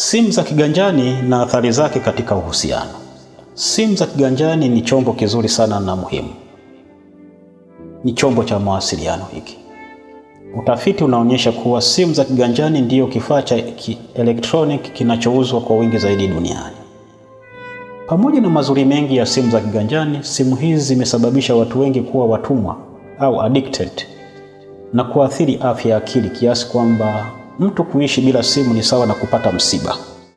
Simu za kiganjani na athari zake katika uhusiano. Simu za kiganjani ni chombo kizuri sana na muhimu, ni chombo cha mawasiliano hiki. Utafiti unaonyesha kuwa simu za kiganjani ndiyo kifaa cha elektroniki kinachouzwa kwa wingi zaidi duniani. Pamoja na mazuri mengi ya simu za kiganjani, simu hizi zimesababisha watu wengi kuwa watumwa au addicted na kuathiri afya ya akili kiasi kwamba mtu kuishi bila simu ni sawa na kupata msiba.